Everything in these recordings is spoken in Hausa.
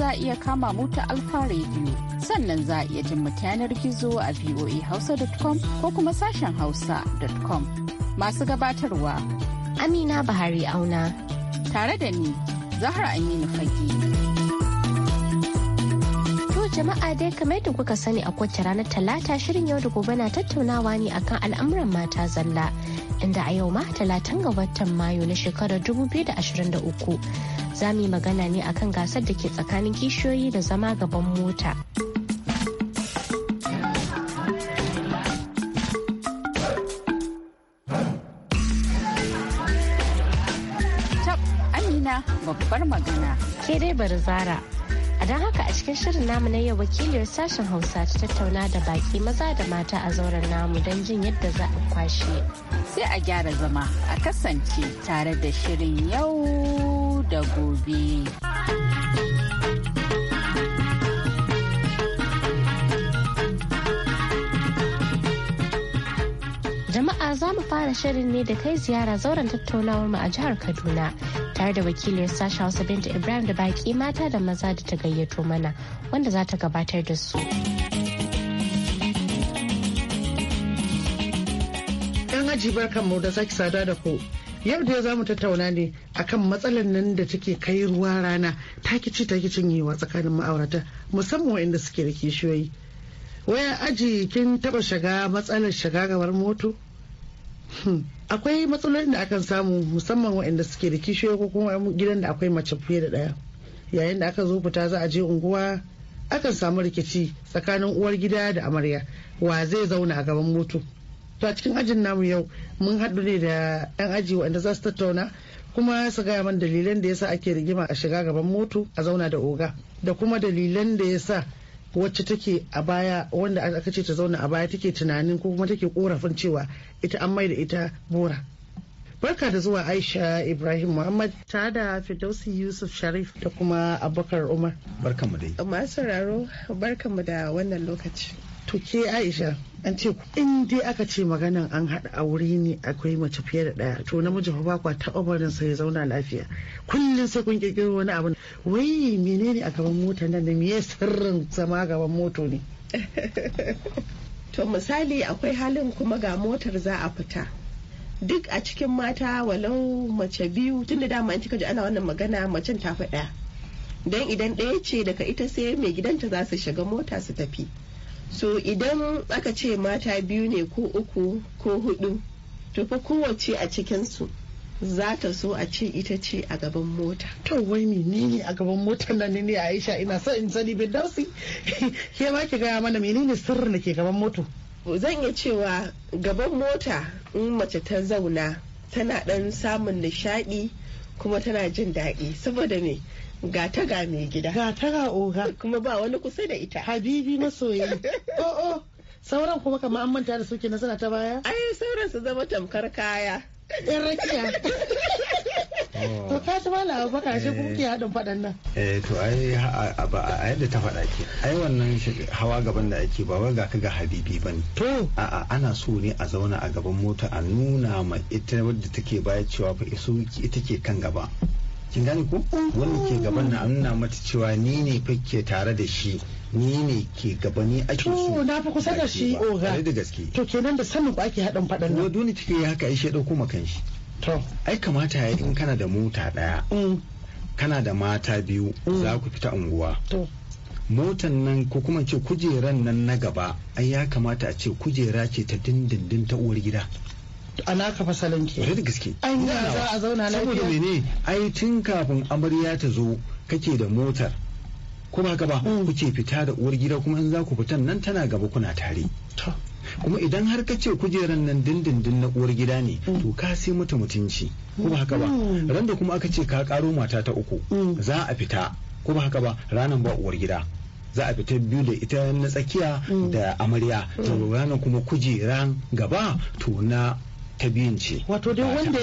za a iya kama mota ta Alfa Radio. Sannan za a iya jin mu yanar gizo a hausa.com ko kuma sashen hausa.com. Masu gabatarwa. Amina Bahari Auna. Tare da ni, Zahra Aminu Fage. jama'a dai kamar yadda kuka sani a kowace ranar talata shirin yau da gobe na tattaunawa ne akan al'amuran mata zalla inda a yau ma talatin ga watan mayu na shekarar 2023 za mu yi magana ne akan gasar da ke tsakanin kishiyoyi da zama gaban mota. Amina babbar magana. Ke dai bari zara. A don haka a cikin shirin namu na yau wakiliyar sashen Hausa ta tattauna da baki maza da mata a zauren namu don jin yadda za a kwashe. Sai a gyara zama a kasance tare da shirin yau da gobe. Jama'a za mu fara shirin ne da kai ziyara zauren tattaunawar mu a jihar Kaduna tare da wakilin sashen Hausa Binta Ibrahim da baki mata da maza da ta gayyato mana wanda za ta gabatar da su. Yan aji barkan mu da sake sada da ku. yau da za mu tattauna ne akan matsalar nan da take kai ruwa rana takici takicin yiwa tsakanin ma'aurata musamman waɗanda suke da kishiyoyi waya aji kin taba shiga matsalar shiga gabar moto hmm, akwai matsalolin da akan samu musamman waɗanda suke da kishiyoyi ko kuma gidan da akwai mace fiye da ɗaya yayin da aka zo fita za a je unguwa akan samu rikici tsakanin uwar gida da amarya wa zai zauna a gaban moto to a cikin ajin namu yau mun haɗu ne da 'yan aji waɗanda za su tattauna kuma su gaya man dalilan da yasa ake rigima a shiga gaban moto a zauna da oga da kuma dalilan da yasa wacce take a baya wanda aka ce ta zauna a baya take tunanin ko kuma take korafin cewa ita an mai da ita bora barka da zuwa aisha ibrahim muhammad ta da fidausi yusuf sharif da kuma abubakar umar barkanmu dai masu raro barkanmu da wannan lokaci to ke aisha an ce in dai aka ce maganan an haɗa aure ne akwai mace fiye da ɗaya to namiji fa bakwa taɓa barin sai ya zauna lafiya kullum sai kun kirkiro wani abu wai menene a gaban mota nan da sirrin zama gaban moto ne to misali akwai halin kuma ga motar za a fita duk a cikin mata walau mace biyu da dama an kika ji ana wannan magana macen ta faɗa don idan ɗaya ce daga ita sai mai gidanta za su shiga mota su tafi so idan aka ce mata biyu ne ko uku ko hudu to fa kowace a cikinsu za ta so a ce ita ce a gaban mota. To wai menene a gaban motar nan ne Aisha ina son in sani bin dausi. Ke ma ki gaya mana menene sirrin da ke gaban moto? Zan iya cewa gaban mota in mace ta zauna tana dan samun nishaɗi kuma tana jin daɗi saboda me ga mai gida ga oga kuma ba wani kusa da ita habibi masoyi oh, oh sauran kuma kamar an manta da suke nasara ta baya ai sauran su zama tamkar kaya yan rakiya to ka ci mala baka shi kuke eh. hadin fadan nan eh to ai a yadda ta faɗa ke ai wannan hawa gaban da ake ba wai ga ka ga habibi ba ne a a'a ana so ne a zauna a gaban mota a nuna ma ita wadda take baya cewa fa iso ita ke kan gaba kin gane ko wani ke gaban na nuna mata cewa ni ne fa ke tare da shi ni ne ke gaba ni ake so na fa kusa da shi oga da gaske to kenan da sanin ku ake hadan fadan nan dole take yi haka ai shi dauko makanshi. shi to ai kamata ya in kana da mota daya mm. kana da mata biyu mm. za ku fita unguwa to motan nan ko kuma ce kujeran nan na gaba ai ya kamata a ce kujera ce ta dindindin ta uwar gida ana ka fasalin ke da gaske an za a zauna lafiya saboda mene ai tun kafin amarya ta zo kake da motar kuma ba ba mm. kuke fita da uwar gida kuma in za ku fitan nan tana gaba kuna tare kuma idan har ka ce kujeran nan dindindin na uwar gida ne mm. to ka sai mata mutunci kuma haka ba mm. ran da kuma aka ce ka karo mata ta uku za a fita kuma ba haka ba ranan ba uwar gida za a fita biyu da ita na tsakiya da amarya to ranar kuma kujeran gaba to na ta biyun ce wato dai wanda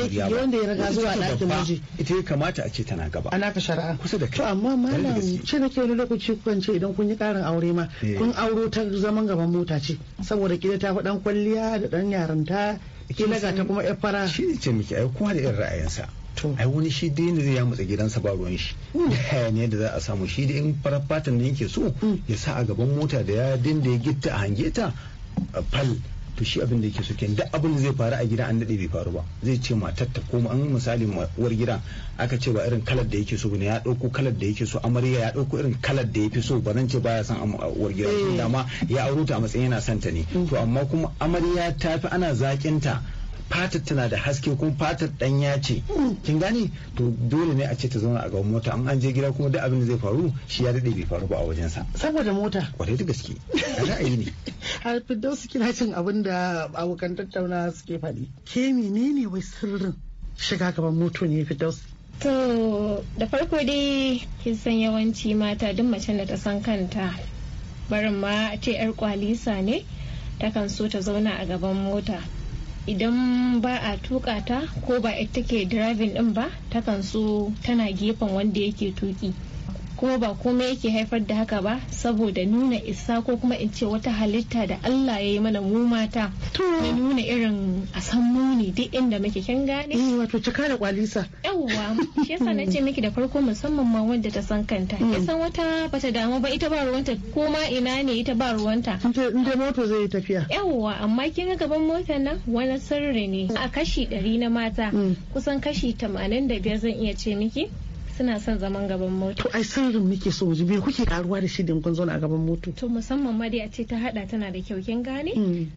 ya raga zuwa ɗakin maji. ita ya kamata a ce tana gaba ana ka shari'a kusa da kai to amma malam ce nake wani lokaci kukan ce idan kun yi ƙarin aure ma eh. kun auro ta zaman gaban mota ce saboda kila ta fi dan kwalliya da dan yaranta kila ga ta kuma yar fara shi ne ce miki ai kowa da irin ra'ayinsa ai wani shi dai ne zai ya matsa gidansa ba ruwan shi da haya ne da za a samu shi da in farar fatan da yake so hmm. ya sa a gaban mota da ya dinda ya gitta a hange ta fal to shi abin da yake so kenan duk abin da zai faru a gida an dade bai faru ba zai ce matar ta koma an misali uwar gida aka ce ba irin kalar da yake so ne ya dauko kalar da yake so amarya ya dauko irin kalar da yake so ba zan ce baya son uwar gida eh. dama ya aure ta a matsayin yana son ta ne to amma kuma amarya ta fi ana zakin ta fatar tana da haske ko fatar danya ce kin gane to dole ne a ce ta zauna a gaban mota an an je gida kuma duk abin da zai faru shi ya dade bai faru ba a wajen sa saboda mota kwarai da gaske ra'ayi ne har firdausu kina cin abin da abokan tattauna suke faɗi ke menene wai sirrin shiga gaban moto ne firdausu To da farko dai kin san yawanci mata duk macen da ta san kanta barin ma a ce 'yar kwalisa ne takan so ta zauna a gaban mota idan ba a tuƙa ta ko ba ita take driving din ba takan so tana gefen wanda yake tuƙi. kuma ba kome yake haifar da haka ba saboda nuna isa ko kuma in ce wata halitta da Allah ya yi mana mu mata na nuna irin a san muni duk inda muke kin gane eh, wato cika da kwalisa yawwa shi yasa na ce miki da farko musamman ma wanda ta san kanta ya hmm. san wata bata damu ba ita ba ruwanta ko ma ina ne ita ba ruwanta in dai moto zai yi tafiya yawwa amma kin ga gaban motar nan wani sirri ne a kashi 100 na mata hmm. kusan kashi tamanin da biyar zan iya ce miki suna son zaman gaban mota. To ai sirrin muke so ji me kuke karuwa da shi da kun zauna a gaban mota. To musamman ma dai a ce ta hada tana da kyau kin gane? Mm.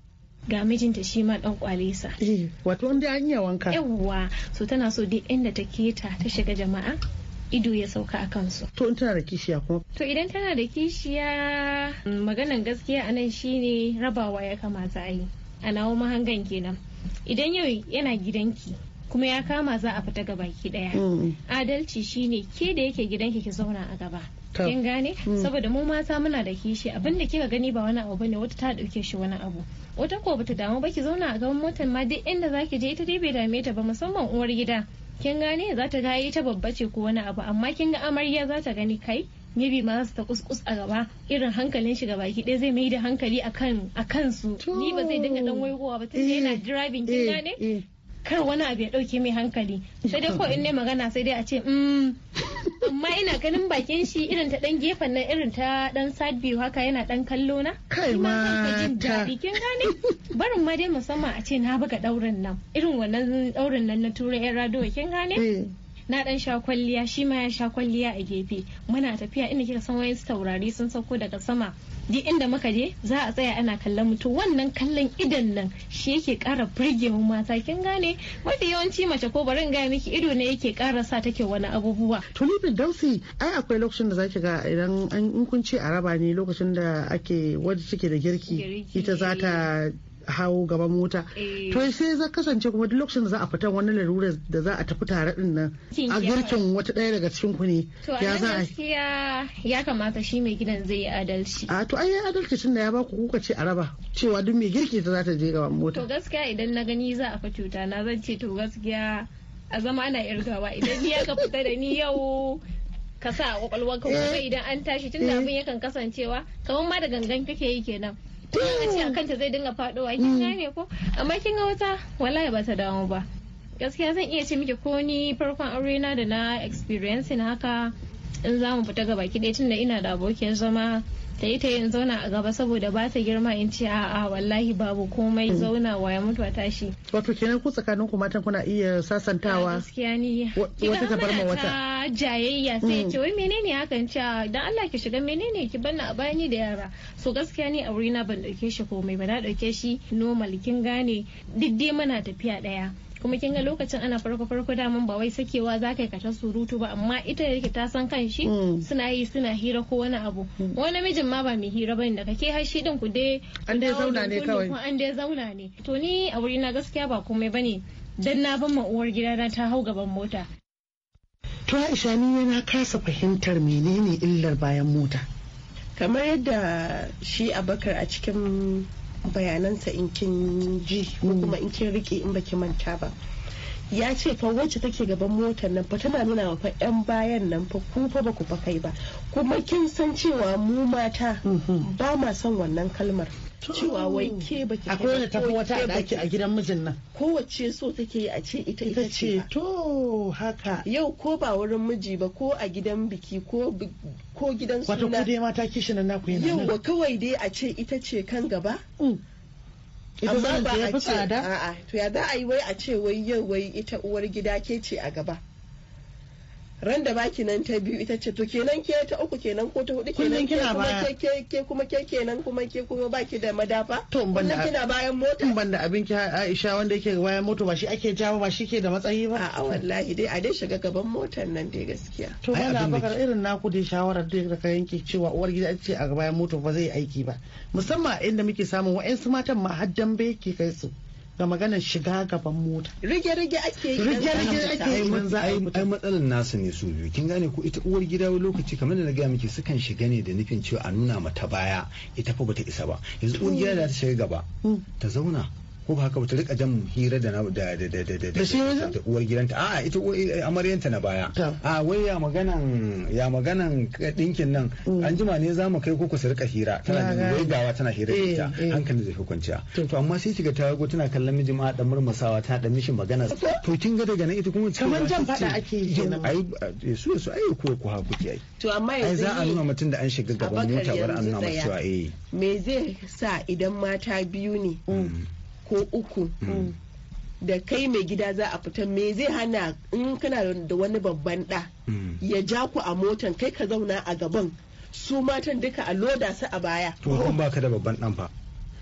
ga mijinta shi ma dan kwalesa. Eh, wato wanda an iya wanka. Yawwa, so tana so duk inda ta keta ta shiga jama'a ido ya sauka a kansu. To in tana da kishiya kuma? To idan tana da kishiya mm, maganan gaskiya anan shine rabawa ya kamata a yi. A nawo mahangan kenan. Idan yau yana gidanki kuma ya kama za a fita baki daya mm. adalci shine ke da yake gidan ki ki zauna a gaba kin gane mm. saboda mu mata muna da kishi abinda kika gani ba wani abu bane wata ta dauke shi wani abu wata ko bata damu ba ki zauna a gaban motar ma duk inda zaki je ita dai bai dame ta ba musamman uwar gida kin gane za ta ga ita babba ce ko wani abu amma kin ga amarya za ta gani kai maybe ma su ta kuskus a gaba irin hankalin shi gaba ki zai mai da hankali akan akan su ni ba zai dinga dan waiwowa ba ta yana eh. driving kin eh. gane eh. kar wani abu ya ɗauke mai hankali sai dai ko in ne magana sai dai a ce mm. amma ina ganin bakin shi irin ta dan gefen nan irin ta dan side haka yana dan kallo na kai ma ta kin gane barin ma dai musamman a ce na buga daurin nan irin wannan daurin nan na turai yan radio kin gane eh. na dan sha kwalliya shi ma ya sha kwalliya a gefe muna tafiya inda kika san wayansu taurari sun sauko daga sama duk inda muka je za a tsaya ana kallon mutu wannan kallon idan nan shi yake kara burge mu mata kin gane mafi yawanci mace ko barin gaya miki ido ne yake kara sa take wani abubuwa to ni dausi ai akwai lokacin da zaki ga idan an kun ce araba ne lokacin da ake wadda take da girki ita za ta hawo gaba mota eh. to sai za kasance kuma duk lokacin da za a fita wani larurar da za a tafi tare din nan a girkin wata daya daga cikin ku ne ya za a ya kamata shi mai gidan zai yi adalci a to ai adalci tun da ya ba ku kuka ce a raba cewa duk mai girki ta za ta je gaban mota to gaskiya idan na gani za a fa cuta na zan ce to gaskiya a zama ana irgawa idan ni ka fita da ni yau ka sa a kwakwalwar gobe eh. idan an tashi tun da eh. abin yakan kasancewa kamar ma da gangan kake yi kenan a ce akan ta zai dinga faɗowa kin mm. gane ko amma kin ga wata wallahi ba ta damu ba gaskiya zan iya ce miki ko ni farkon aure na da na experience haka in za mu fita gaba ki ɗaya tunda ina da abokin zama ta yi ta yin zauna a gaba saboda ba ta girma in ce a'a wallahi babu komai mm. zauna wa ya mutu a tashi wato kenan ku tsakanin ku matan kuna iya sasantawa gaskiya ni wata ta bar ma wata jayayya sai mm. ce wai menene hakan ce dan Allah ki shiga menene ki banna a bayani da yara so gaskiya ni a wurina ban dauke shi komai ba na dauke shi normal kin gane duk dai muna tafiya daya kuma kin ga lokacin ana farko farko daman ba wai sakewa za ka yi ta surutu ba amma ita da ta san kan shi mm. suna yi suna hira ko wani abu mm. wani namijin ma ba mai hira bane da kake har shi din ku dai an dai zauna ne kawai an dai zauna ne to ni a wuri na gaskiya ba komai bane dan na ban ma uwar gida na ta hau gaban mota to Aisha ni yana kasa fahimtar menene illar bayan mota kamar yadda shi abakar a cikin bayanansa in kin ji ko mm. kuma in kin riƙe in baki manta ba ya ce fa wacce take gaban motar nan fa tana nuna wa fa yan bayan nan fa ku fa ba ku fa kai ba kuma kin san cewa mu mata ba ma son wannan kalmar cewa wai ke baki akwai wanda tafi wata da ake a gidan mijin nan kowace so take yi a ce ita ita ce to haka yau ko ba wurin miji ba ko a gidan biki ko ko gidan suna wato ku dai mata kishi nan naku yana yau kawai dai a ce ita ce kan gaba mm. amma ba a ce a'a to ya za a yi wai a ce wai yau wai ita uwar gida ke ce a gaba ran da baki nan ta biyu ita ce to kenan ke ta uku kenan ko ta hudu kenan kina kuma ke ke kuma ke kenan kuma ke kuma baki da madafa to ban da kina bayan mota ban da abin ki Aisha wanda yake bayan mota ba shi ake jawo ba shi ke da matsayi ba a wallahi dai a dai shiga gaban motar nan dai gaskiya to mana bakar irin naku dai shawarar dai da ka yanke cewa uwar gida ce a bayan mota ba zai aiki ba musamman inda muke samun wa'ansu matan ma har dambe ke kai su ga maganar shiga gaban mota rige-rige ake yi rige-rige ake yi mun za a yi ai matsalar nasu ne su biyu kin gane ko ita uwar gida wani lokaci kamar da na gaya miki sukan shiga ne da nufin cewa a nuna mata baya ita fa bata isa ba yanzu uwar gida da ta shiga gaba mm. ta zauna ko ba haka ba ta rika jan hira da na da da da da da da da uwar gidanta a ita eh, amaryanta na baya a wai ya maganan ya maganan dinkin nan mm. an jima ne za mu kai ko ku su rika hira tana da wai gawa tana hira da eh, ita eh. hankali zai fi kwanciya to amma sai kiga ta go tana kallon miji ma da murmusawa ta da mishi magana to kin ga daga nan ita kuma Kaman jan fada ake yi ai su su ai ko ku haku ki ai to amma yanzu za a nuna mutum da an shiga gaban mota bar an nuna mutuwa eh me zai sa idan mata biyu ne mm. ko uku hmm. da kai mai gida za a fita me zai hana in kana da wani babban ɗa hmm. ya ja ku a motan kai ka zauna a gaban su matan duka a loda su a baya. To ba baka da babban ɗan fa.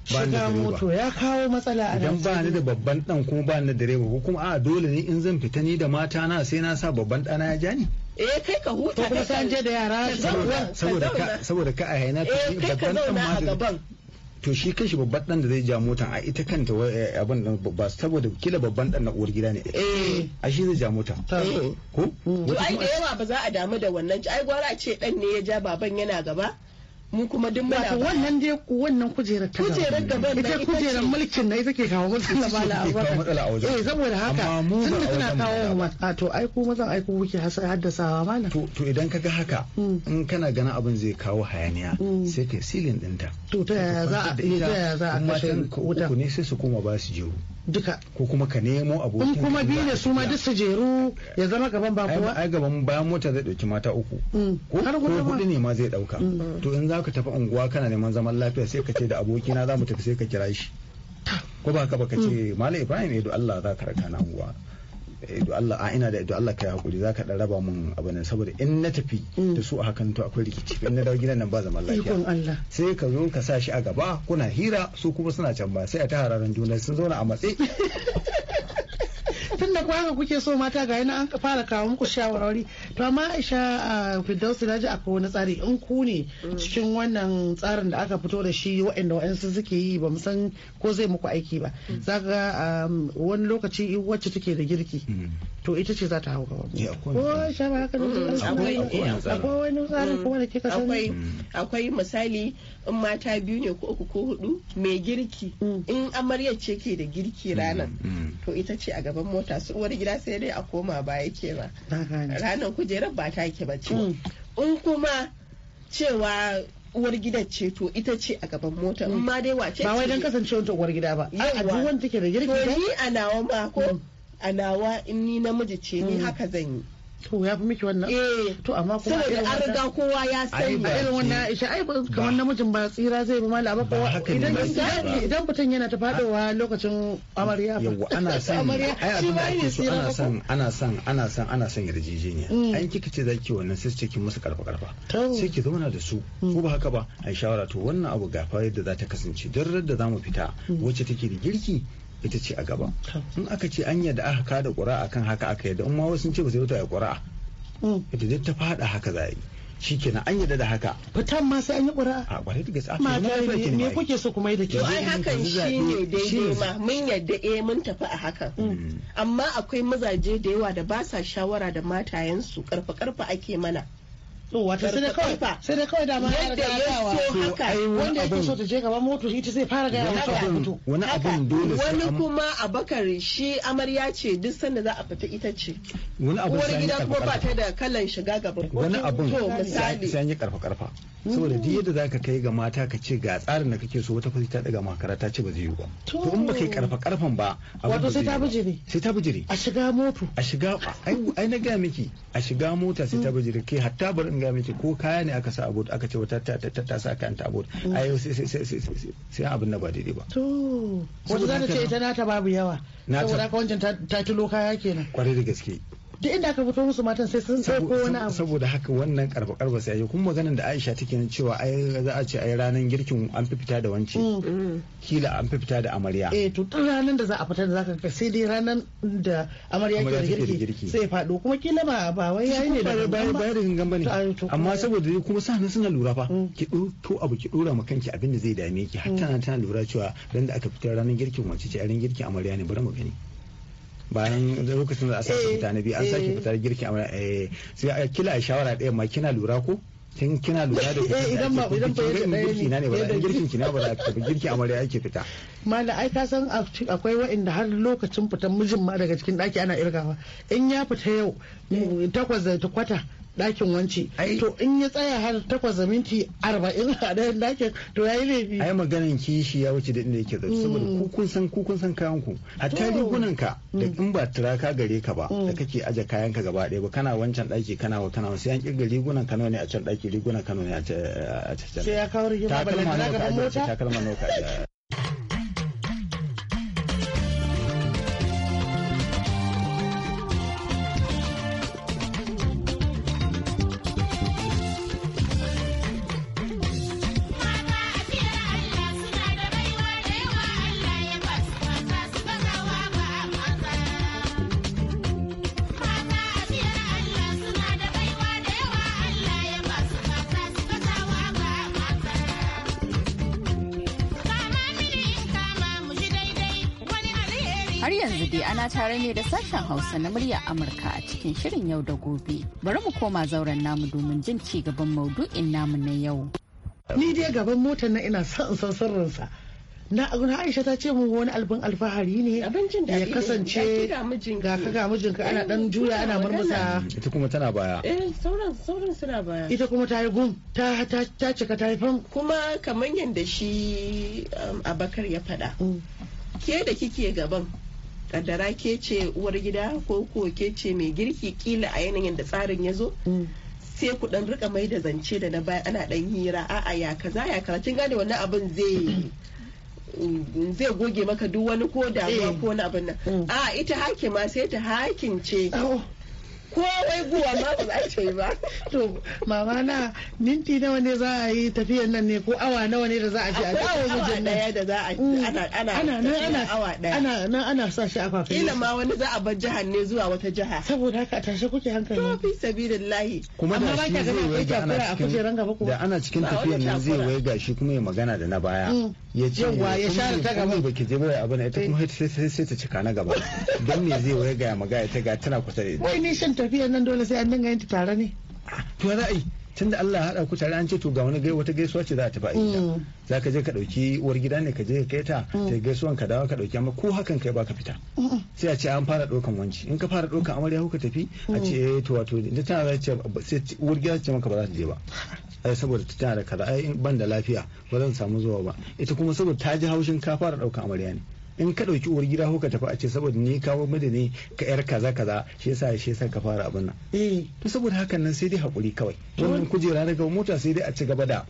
Shiga moto ya kawo matsala a Idan ba ni da babban ɗan kuma ba ni da direba ko kuma a dole ne in zan fita ni da mata na sai na sa babban ɗana ya ja ni. eh kai ka huta ko kuma san je da yara saboda ka saboda ka a yana eh, babban dan ma to shi kanshi babban dan da zai ja mota a ita kanta eh, abin da ba saboda kila babban dan na uwar gida ne eh a shi zai ja mota ko to ai da yawa ba za a damu da wannan ai gwara ce dan ne ya ja baban yana gaba mu kuma duk muna ba wannan dai wannan kujerar ta kujerar gaban ita kujerar mulkin na ita ke kawo matsala ba la abubakar eh saboda haka tunda suna kawo matsala to ai ku mazan ai ku kuke haddasawa mana to to idan kaga haka hmm. in kana ganin abin zai kawo hayaniya hmm. sai kai silin dinta to ta yaya za a ta yaya za a kashe wuta ne sai su koma ba su jiwo duka ko kuma ka nemo abokin in kuma biyu ne su ma duk su jeru ya zama gaban ba kuma ai gaban bayan mota zai dauki mata uku mm. ko hudu ne ma zai dauka mm. to in zaka tafi unguwa kana neman zaman lafiya sai ka ce da abokina za mu tafi sai ka kira shi ko ba ka ba ka ce mm. malam ibrahim edo eh, allah za ka raka na unguwa do eh, Allah a ina da do Allah kai hakuri zaka dan raba mun abu nan saboda in na tafi mm. da su a hakan to akwai rikici in na dawo gidan nan ba zaman lafiya sai ka zo ka sa shi a gaba kuna hira su kuma suna can ba sai a ta hararan juna sun zauna a matse tun da haka kuke so mata ga yana an fara kawo muku shawarwari to amma Aisha Firdausi na ji akwai wani tsari in ku ne mm. cikin wannan tsarin da aka fito da shi waanda waɗansu suke yi ba mu san ko zai muku aiki ba mm. zaka um, wani lokaci wacce take da girki mm. to ita ce za ta hau gaba ko sha ba haka mm, akwai wani tsarin mm. kuma da kika sani mm. akwai misali in mata biyu ne ko uku ko hudu mai girki in amarya ce ke da girki ranar to ita ce a gaban mota su uwar gida sai dai a koma baya ba. ranar kujerar ba ta ke ba ce in kuma cewa uwar gida ce to ita ce a gaban mota in ma dai wace ba wai dan kasancewar ta uwar gida ba a duk wanda take da girki to ni a nawa mako. ko Alawa in ni namiji ce ni mm. haka zan yi to ya fi miki wannan eh, to amma kuma saboda an riga kowa ya sani a irin wannan aisha ai kamar namijin ba tsira zai bi malama ko idan idan mutum yana ta fadowa lokacin amarya yawa ana san ai abin ana san ana san ana san ana san yarjejeniya mm. an kika ce zaki wannan sai ce ki musu karfa karfa sai ki zauna da su ko mm. ba haka ba ai shawara to wannan abu gafa yadda za ta kasance duk da mu fita wacce take da girki ita ce a gaba in aka ce an yadda aka kada ƙura'a kan haka aka yadda in ma wasu sun ce ba sai ya ƙura'a mm. ita duk ta fada haka za a yi shi kenan an yadda da haka fitan ma sai an yi ƙura a ƙwarai da gaske ma me kuke so kuma da ke ai hakan shine daidai ma mun yadda eh mun tafi a hakan mm. amma akwai mazaje da yawa da ba sa shawara da matayensu karfa karfa ake mana so wata sai da kawai fa sai da kawai da ma yadda ya so haka wanda yake so ta je gaban moto ita zai fara ga mata fito wani abun dole wani kuma abakar shi amarya ce duk sanda za a fita ita ce wani abun sai gida kuma ba ta da kallon shiga gaban wani abun sai an yi karfa karfa saboda duk yadda zaka kai ga mata ka ce ga tsarin da kake so wata fasi ta daga makara ta ce ba zai yi ba to in ba kai karfa karfan ba wato sai ta bijire sai ta bijire a shiga moto a shiga ai na ga miki a shiga mota sai ta mm. bijire kai hatta bari in ga miki ko kaya ne aka sa a aka ce wata ta ta sa kanta a abu a yau sai sai sai na ba daidai ba to wata za ta ce ita nata babu yawa saboda ka wancan ta tulo kaya kenan kwarai da gaske duk inda aka fito musu matan sai sun ko wani abu saboda haka wannan karba karba sai kuma maganar da Aisha take nan cewa ai za a ce ai ranar girkin an fi fita da wance mm. kila an fi fita da amarya eh to tun ranar da za a fita da zaka ga sai dai ranar da amarya ke da girki sai fado kuma kila ba ba wai yayi ne da ba ba da gangan bane amma saboda dai kuma sanin suna lura fa mm. ki to abu ki dora ma kanki abin da zai dame ki har mm. tana tana lura cewa dan da aka fita ranar girkin wace ce ranan girkin amarya ne bari mu gani bayan lokacin da a sake fita eh, na biyu an sake eh. fitar girki a eh, sai a kila shawara ɗaya ma kina lura ko kin kina lura da kuma idan ba idan ba yadda ne ba da girkin ba da girki amarya ake fita ai ka san akwai waɗanda har lokacin fitan mijin ma daga cikin ɗaki ana irgawa in ya fita yau takwas da kwata ɗakin wanci to in ya tsaya har takwas da minti arba'in a ɗayan dakin to ya yi bi. ai maganan kishi ya wuce da inda yake zai mm. saboda ku kun san ku kun san kayan ku hatta rigunan ka da mm. in ba turaka gare ka ba mm. da kake aje kayan ka gaba ɗaya ba kana wancan ɗaki kana wa kana sai an kirga rigunan ka ne a can ɗaki rigunan ka ne a can sai ya kawo rigunan ba da ka mota Har yanzu dai ana tare ne da sashen Hausa na murya Amurka a cikin shirin yau da gobe. Bari mu koma zauren namu domin jin ci gaban maudu'in namu na yau. Ni dai gaban motar na ina son san sirrinsa. Na Aisha ta ce mun wani albin alfahari ne ya kasance ga ka ga mijinka ana dan eh, juya ana murmusa. Ita kuma tana baya. Eh sauran sauran suna baya. Ita kuma ta yi gum ta ta ta cika ta yi fam. Kuma kamar yadda shi um, Abakar ya faɗa. Mm. Ke da kike gaban kaddara ke ce uwar gida ko ko ke ce mai girki kila a yanayin da tsarin ya zo mm. sai ku dan rika mai da zance da na baya ana dan hira a'a ya kaza ya kaza kin gane wannan abin zai mm, zai goge maka duk wani ko damuwa eh. ko wani abin nan mm. a ita hakima sai ta hakince oh. ko wai guwa ma ba za ta yi ba to mama na minti nawa ne za a yi tafiyan nan ne ko awa nawa ne da za a je a ga mijin daya da za a mm. ana ana ana awa daya ana nan ana sa shi a fafe kila ma wani za a bar jihar ne zuwa wata jiha saboda haka tashi kuke hankali to fi sabilillahi kuma da shi zai wai ga ana cikin da ana cikin tafiyan nan zai wai gashi kuma ya magana da na baya mm. ya ce yawa ya share ta gaba ba ki zai bai abin ita kuma sai sai ta cika na gaba don me zai waya gaya magaya ta ga tana kusa da ita wai ni shan tafiya nan dole sai an dinga yin tare ne to ra'ayi tunda Allah ya haɗa ku tare an ce to ga wani gai wata gaisuwa ce za a tafi ita mm. za ka je ka ɗauki uwar gida ne ka je ka kai ta mm. ta gaisuwan ka dawo ka ɗauki amma ko hakan kai ba ka fita sai a ce an fara ɗaukan wanci in ka fara ɗaukan amarya ka tafi a mm. ce eh, to wato da tana ce sai uwar gida ce maka ba za ta je ba ai saboda ta tana da kaza ai ban da lafiya ba zan samu zuwa ba ita kuma saboda ta ji haushin ka fara ɗaukan amarya ne in ka ɗauki uwar gida ko ka tafi a ce saboda ni kawo mada ne ka yar kaza kaza shi yasa shi yasa ka fara abin nan eh to saboda hakan nan sai dai hakuri kawai wannan kujera na gaba mota sai dai a ci gaba da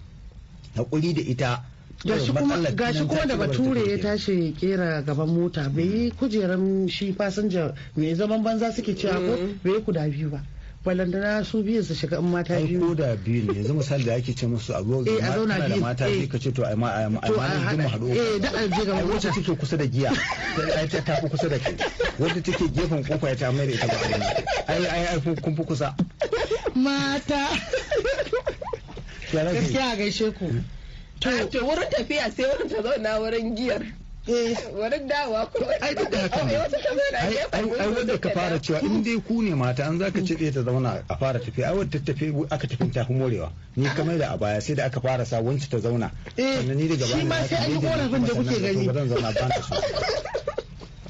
hakuri da ita gashi kuma gashi kuma da bature ya tashi kera gaban mota bai yi kujeran shi fasinja mai zaman banza suke cewa ko bai yi kuda biyu ba balantana su biyu su shiga in mata biyu ko da biyu ne yanzu misali da ake ce musu a goga eh, a da mata biyu eh. ka ce to a ma a ma a ma haɗu eh da a je ga wacce take kusa da giya ta ta fi kusa da kai wanda take gefen kofa ta mai da ita ba ai ai ai kun fi kusa mata gaskiya gaishe ku hmm. to wurin tafiya sai wurin ta zauna wurin giyar wani dawa ko ai duk da haka ai wanda ka fara cewa in dai ku ne mata an zaka ce ta zauna a fara tafi ai wanda tafi aka tafi ta fi morewa ni kamar da a baya sai da aka fara sa wanci ta zauna eh, sannan ni daga baya shi ma sai an yi korafin da kuke gani ba zauna ba na so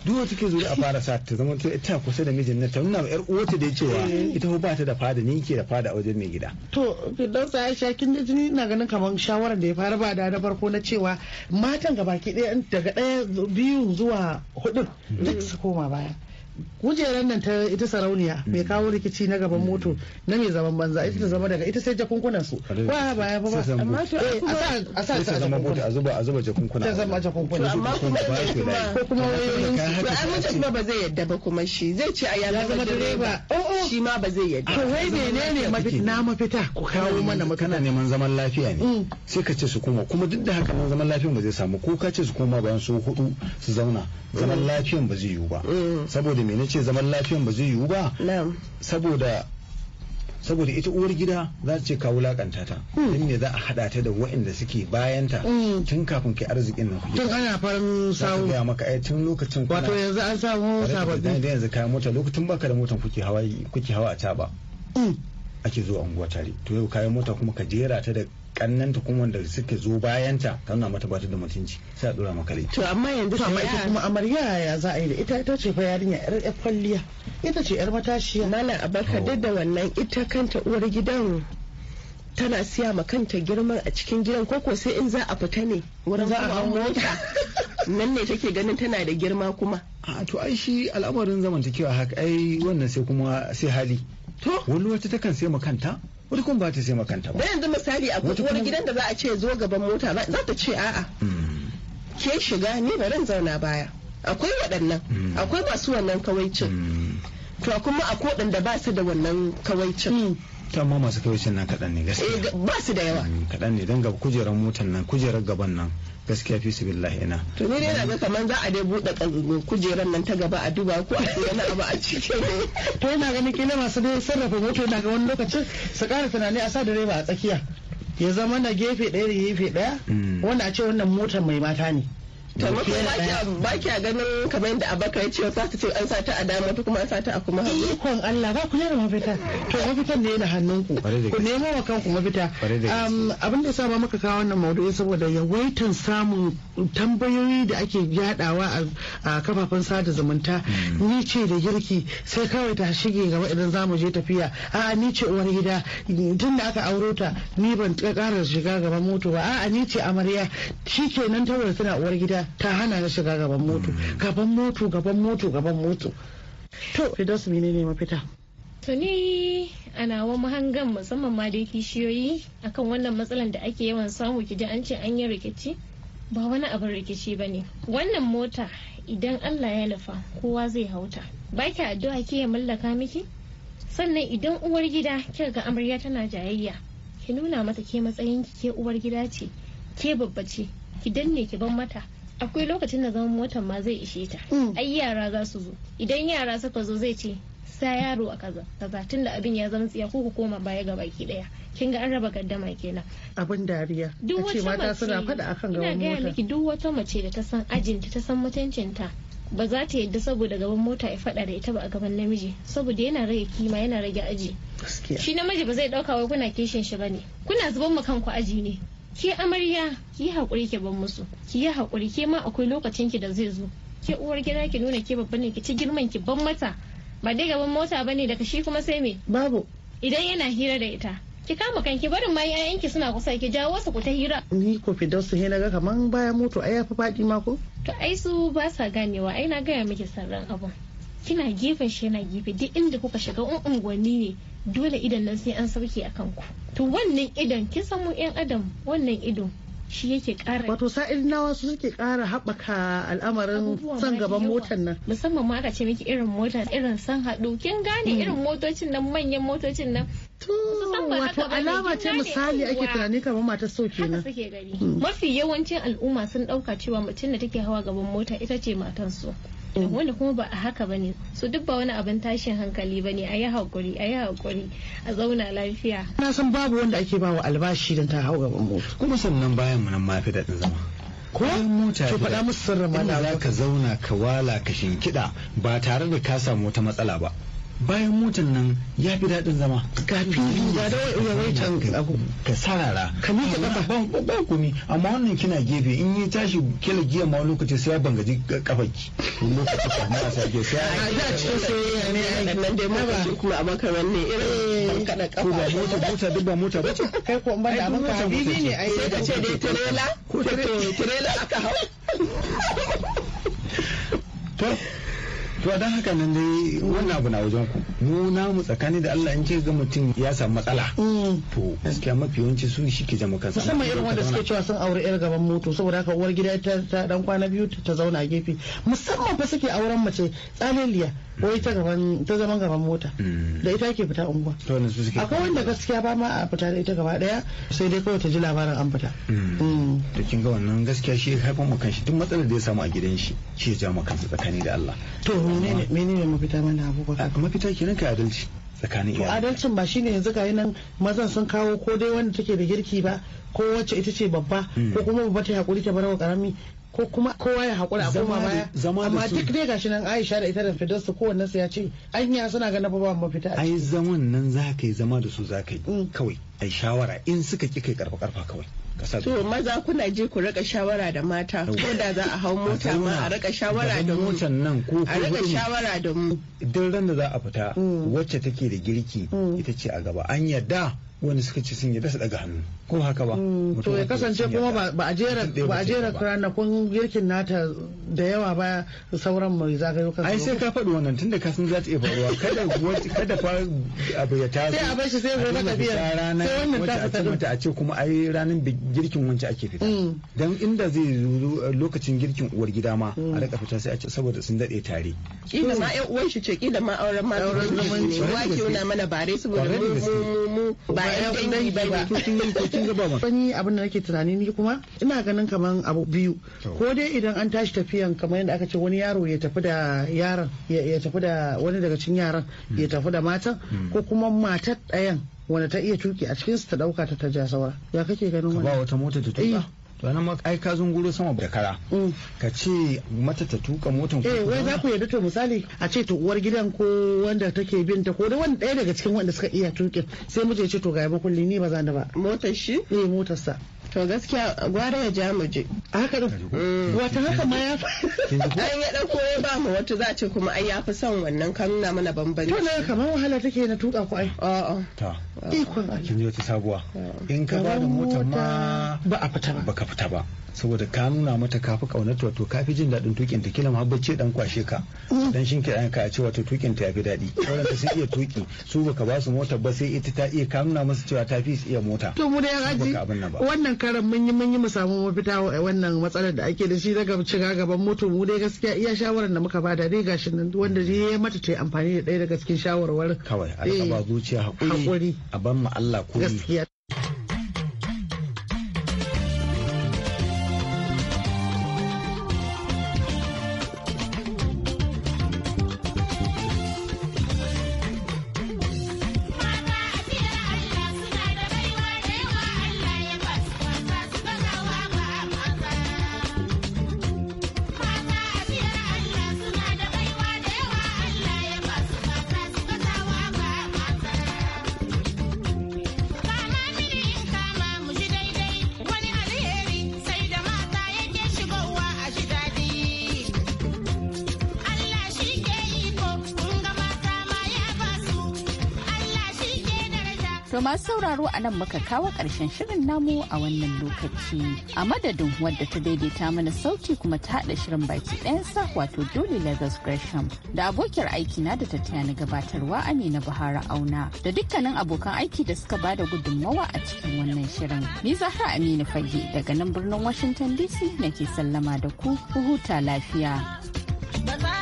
duk wata ke zuri a fara sa ta zama to ita kusa da mijin nata nuna ma yar uwata da cewa mm. ita ba ta da fada ni ke da fada a wajen mai gida to fidan sa Aisha kin da jini ina ganin kamar shawarar da ya fara ba da na farko na cewa matan gabaki ɗaya daga daya biyu zuwa hudu duk su koma baya kujerar nan ta ita sarauniya hmm. mai kawo rikici na gaban hmm. moto na mai zaman banza ita ta zama daga ita sai jakunkunan su ba baya ba ba amma to eh, a sa ta zama mota a zuba a zuba jakunkuna ta zama jakunkuna amma kuma ko kuma wayoyin su ba amma kuma ba zai yadda ba kuma shi zai ce a ya zama direba oh, oh. shi ma ba zai yadda to wai menene mafita na mafita ku kawo mana makana neman zaman lafiya ne mm. sai ka ce su koma kuma duk da haka zaman lafiyan ba zai samu ko ka ce su koma bayan su hudu su zauna zaman mm. lafiyan ba zai yiwu ba mm. saboda me nace zaman lafiyan ba zai yiwu ba saboda saboda ita uwar gida za ce ka wulakanta ta hmm. din ne za a hada ta da waɗanda suke bayan ta hmm. tun kafin kai arzikin nan tun ana farin samu ya maka ai tun lokacin wato yanzu an samu sababbin da yanzu kayan mota lokacin baka da motan kuke hawa kuke hawa a ta ba hmm. ake zuwa unguwa tare to yau kayan mota kuma ka jera ta da kannanta kuma wanda suke zo bayanta nuna mata batun da mutunci sai a dora maka to amma yanzu to amma ita kuma amarya ya za a yi da ita ita ce fa yarinya yar yar kwalliya ita ce yar matashiya nana abarka duk da wannan ita kanta uwar gidan tana siya ma kanta girman a cikin gidan koko sai in za a fita ne wurin za a mota nan ne take ganin tana da girma kuma a to ai shi al'amarin zamantakewa haka ai wannan sai kuma sai hali to wani wata takan sai ma kanta wata ba ta sai makanta ba yanzu misali a uwar gidan da za a ce zo gaban mota za ta ce a'a hmm. ke shiga ni ba ran zauna baya akwai waɗannan hmm. akwai masu wannan kawaicin hmm. to kuma akwai da ba su da wannan kawaicin ta amma masu kawacin nan kaɗan ne gaskiya eh, ba su da yawa mm, kaɗan ne don ga kujerar motar nan kujerar gaban nan gaskiya fi su billahi ina to ni dai ga kamar za a dai buɗe kujerar nan ta gaba a duba ko a wani abu a cikin to ina ganin kila masu dai sarrafa motar na ga wani lokacin su ƙara tunani a sa direba a tsakiya ya zama na gefe ɗaya da gefe ɗaya mm. wanda a ce wannan motar mai mata ne to mutum ba kya ganin kamar yadda abakar ya ce za ta ce an sata a dama ta kuma an sata a kuma hagu ikon Allah ba ku yana mafita to mafitan ne yana hannun ku ku nemo wa kanku mafita abin da sa ba muka kawo wannan maudu'i saboda yawaitan samun tambayoyi da ake yadawa a kafafen sada zumunta hmm. ni ce da girki sai kawai ta shige gaba idan zamu je tafiya a'a ni ce uwar gida tun da aka auro ta ni ban ƙara shiga gaban moto ba a'a ni ce amarya shikenan tabbata tana uwar gida ta hana na shiga gaban moto gaban moto gaban moto gaban moto to fidas menene mafita to ni a nawa mahangan musamman ma dai kishiyoyi akan wannan matsalan da ake yawan samu kiji an ce an yi rikici ba wani abin rikici ba ne wannan mota idan allah ya nufa kowa zai hauta ba ki addu'a ki ya mallaka miki sannan idan uwar gida kika ga amarya tana jayayya ki nuna mata ke matsayin ki ke uwar gida ce ke babba ce ki danne ki ban mata akwai lokacin da zaman motar ma zai ishe ta mm. ai yara za su zo idan yara suka zo zai ce sa yaro a kaza kaza tun da abin ya zama tsiya ko ku koma baya ga baki daya kin ga an raba gaddama kenan abin dariya duk wata mata suna fada akan gaban mota ina ga miki duk wata mace da ta san ajinta ta san mutuncinta ba za ta yadda saboda gaban mota ya fada da ita ba a gaban namiji saboda yana rage kima yana rage aji shi namiji ba zai dauka wai kuna kishin shi bane kuna zuban mu kanku aji ne ke amarya ki yi hakuri ki ban musu ki yi haƙuri ke ma akwai lokacin ki da zai zo ke uwar gida ki nuna ke babban ne ki ci girman ki ban mata ba dai gaban mota bane daga shi kuma sai me babu idan yana hira da ita ki kama kanki barin ma ki suna kusa ki jawo su ku ta hira ni ko fidarsu he ga kaman bayan moto ai fa fadi ma ko to ai su ba sa ganewa ai na gaya miki sarran abun kina gefen shi yana gefe duk inda kuka shiga in unguwanni ne dole idan nan sai an sauke a kanku to wannan idan kin san mu yan adam wannan ido shi yake kara wato sa'il nawa su suke kara haɓaka al'amarin san gaban motar nan musamman ma aka ce miki irin mota irin san haɗu kin gane mm. irin motocin nan manyan motocin nan to wato alama ce misali ake tunani kamar mata so kenan mm. mafi yawancin al'umma sun ɗauka cewa mutum da take hawa gaban mota ita ce matan su. Eh, wanda kuma ba a haka ba ne su duk ba wani abin tashin hankali ba ne a yi haƙuri a yi haƙuri a zauna lafiya. na san babu wanda ake ba wa albashi don ta hau gaban mota. kuma sannan bayan mu nan ma fi daɗin zama. ko mota to faɗa musu sarrafa ina za ka zauna ka wala ka shinkiɗa ba tare da ka samu wata matsala ba. bayan motan nan ya fi daɗin zama ga fili ga da yawaitan abu ka sarara ka miƙe ƙafa ba ba komi amma wannan kina gefe in yi tashi kila giya ma lokaci sai ya bangaji kafaki lokaci ka mara sa ke sai a da cikin soyayya ne a nan dai ma kuma a makaran ne irin eh. kada kafa ba mota mota duk ba mota ba kai ko ban da abin ka bibi ne ai sai ka ce dai tirela ko tirela aka hau to dan haka nan dai wannan abu na wajen ku mu namu tsakani da Allah in ce ga mutum ya samu matsala mm. to gaskiya mafi yawanci su shi ke zama kansa musamman irin wanda suke cewa sun aure yar gaban moto saboda haka uwar gida ta dan kwana biyu ta zauna a gefe musamman fa suke auren mace tsaliliya wai ita gaban ta zaman gaban mota hmm. da ita ake fita unguwa akwai wanda gaskiya ba ma a fita da ita gaba daya sai dai kawai ta ji labarin an fita da hmm. hmm. kin ga wannan gaskiya shi haifan makan shi duk matsalar da ya samu a gidan shi shi ya ja makansa tsakani da Allah to menene menene mafita mana abubakar ah, mafita kenan ka adalci tsakanin iyali. adalcin ba shine yanzu ga nan mazan sun kawo ko dai wanda take da girki ba ko wacce ita ce babba ko kuma babba ta hakuri ta barawa karami ko kuma kowa ya haƙura a koma baya amma duk dai gashi nan Aisha da ita da Firdausu kowanne su ya ce anya suna ganin ba mafita ai zaman nan za yi zama da su za yi mm. kawai ai shawara in suka ki kai karfa karfa kawai to maza kuna je ku rika shawara da mata ko da za a hau mota ma a rika shawara da mu nan ko a rika shawara da mu duk ran da za a fita mm. wacce take da girki mm. ita ce a gaba an yarda Wani suka ce sun yarda su daga hannu ko haka ba mm, to ya kasance kuma ba a jera ba a jera kun girkin nata da yawa ba sauran mai zagayo kan ai sai ka faɗi wannan tunda ka san za ta iya faruwa kada kada fa abu ya ta sai a bar shi sai ya ta tafiya sai wannan ta ta mata a ce kuma ai ranan girkin wanci ake fita mm. dan inda zai lokacin girkin uwar gida ma a mm. rika fita sai a ce saboda sun dade tare kila ma ai uwan shi ce kila ma auren ma zaman wake na mana bare saboda mu mu yan dangi ba ba wani abin da nake tunani ni kuma ina ganin kaman abu biyu ko dai idan an tashi tafiyan kamar yadda aka ce wani yaro ya tafi da yaron ya tafi da wani daga cikin yaran ya hmm. tafi da matan hmm. ko kuma matar ɗayan wanda ta iya tuki a cikinsu ta dauka ta ta ja saura ya kake ganin wani ba wata mota ta tuka eh. to nan ai ka zunguro sama da kara mm. ka ce mata ta tuka motan ku eh wai za ku yarda to misali a ce to uwar gidan ko wanda take bin ta ko da wani ɗaya daga cikin wanda suka iya tukin sai muje ce to ga yaba makulli ni ba za ni ba motar shi eh motar sa to gaskiya gwara ya ja mu je haka da mm. wata haka ma ya an ya dauko ya ba mu wata za ce kuma ai ya fi son wannan kan nuna mana bambanci to na kamar wahala take na tuka ku ai a'a ta ikon Allah kin ji sabuwa in ka ba da motar ma ba a fita ba baka fita ba saboda ka nuna mata kafi kaunata wato kafi jin daɗin tukin ta kila ce dan kwashe ka mm. dan shin ki ka a ce wato tukin ta yafi daɗi sauran ta sun iya tuki su baka ba su mota ba sai ita ta iya ka nuna musu cewa ta fi iya mota to mu da yan aji wannan wannan karan mun yi mun yi mu samu mafita eh, wannan matsalar da ake da shi daga shiga gaban moto mu dai gaskiya iya shawarar da muka bada dai gashi nan wanda dai ya mata ta amfani da ɗaya daga cikin shawarwar kawai alƙaba eh, zuciya hakuri a ban mu Allah koyi To masu sauraro a nan muka kawo ƙarshen shirin namu a wannan lokaci. A madadin wadda ta daidaita mana sauti kuma ta haɗa shirin baki ɗayansa wato dole Lagos Gresham da abokiyar aiki na da tattiya na gabatarwa Amina Buhari Auna da dukkanin abokan aiki da suka bada gudunmawa a cikin wannan shirin. Ni Zahra Aminu Fage daga nan birnin Washington DC nake sallama da ku, ku huta lafiya. Bye-bye.